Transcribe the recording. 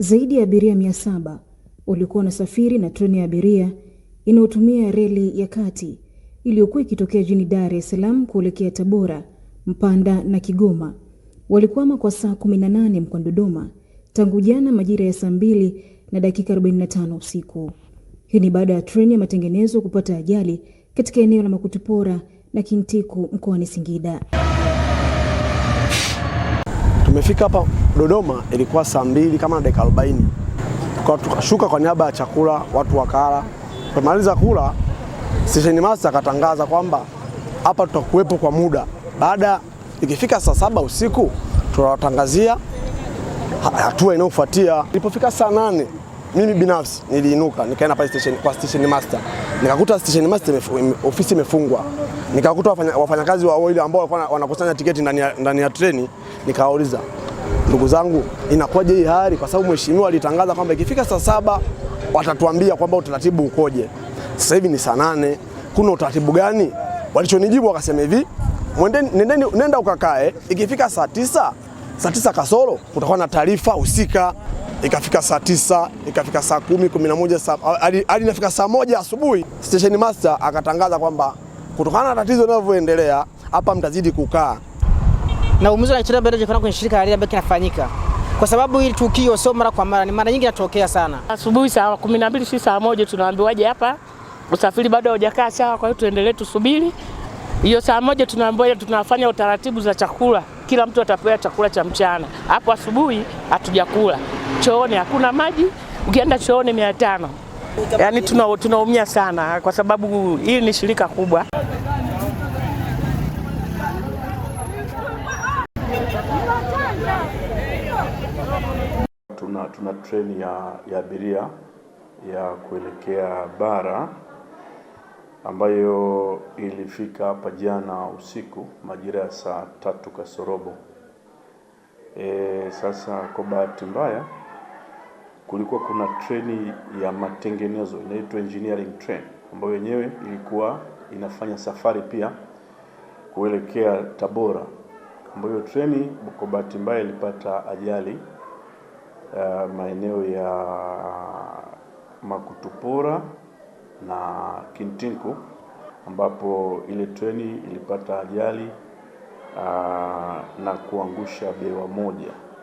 Zaidi ya abiria mia saba walikuwa wanasafiri na treni ya abiria inayotumia reli ya kati iliyokuwa ikitokea jini Dar es Salaam kuelekea Tabora, Mpanda na Kigoma. Walikwama kwa saa 18 mkoani Dodoma tangu jana majira ya saa mbili na dakika 45 usiku. Hii ni baada ya treni ya matengenezo kupata ajali katika eneo la Makutupora na Kintiku mkoani Singida. Tumefika hapa Dodoma ilikuwa saa mbili kama dakika arobaini. Tukashuka kwa niaba ya chakula, watu wakala. Tumaliza kula, station master akatangaza kwamba hapa tutakuwepo kwa muda, baada ikifika saa saba usiku tunawatangazia hatua inayofuatia. Ilipofika saa nane mimi binafsi niliinuka nikaenda pale station, kwa station master nikakuta station master ofisi imefungwa, nikakuta wafanyakazi wafanya wa oil ambao walikuwa wanakusanya tiketi ndani ya treni nikawauliza ndugu zangu, inakuwaje hii hali? Kwa sababu mheshimiwa alitangaza kwamba ikifika saa saba watatuambia kwamba utaratibu ukoje. Sasa hivi ni saa nane, kuna utaratibu gani? Walichonijibu wakasema hivi, nenda ukakae, ikifika saa tisa, saa tisa kasoro kutakuwa na taarifa husika. Ikafika saa tisa, ikafika saa kumi, kumi na moja, hadi inafika saa moja asubuhi, station master akatangaza kwamba kutokana na tatizo linavyoendelea hapa, mtazidi kukaa na umuhimu wa historia bado haijapatikana kwenye shirika la reli ambayo kinafanyika kwa sababu hili tukio sio mara kwa mara, ni mara nyingi inatokea sana. Asubuhi saa kumi na mbili si saa moja tunaambiwaje hapa, usafiri bado haujakaa sawa, kwa hiyo tuendelee tusubiri hiyo saa moja. Tunaambiwa tunafanya utaratibu za chakula, kila mtu atapewa chakula cha mchana. Hapo asubuhi hatujakula, chooni hakuna maji, ukienda chooni mia tano. Yaani tunaumia tuna sana, kwa sababu hili ni shirika kubwa. tuna treni ya, ya abiria ya kuelekea bara ambayo ilifika hapa jana usiku majira ya saa tatu kasorobo. E, sasa kwa bahati mbaya kulikuwa kuna treni ya matengenezo inaitwa engineering train ambayo yenyewe ilikuwa inafanya safari pia kuelekea Tabora, ambayo treni kwa bahati mbaya ilipata ajali uh, maeneo ya Makutupora na Kintinku ambapo ile treni ilipata ajali uh, na kuangusha bewa moja.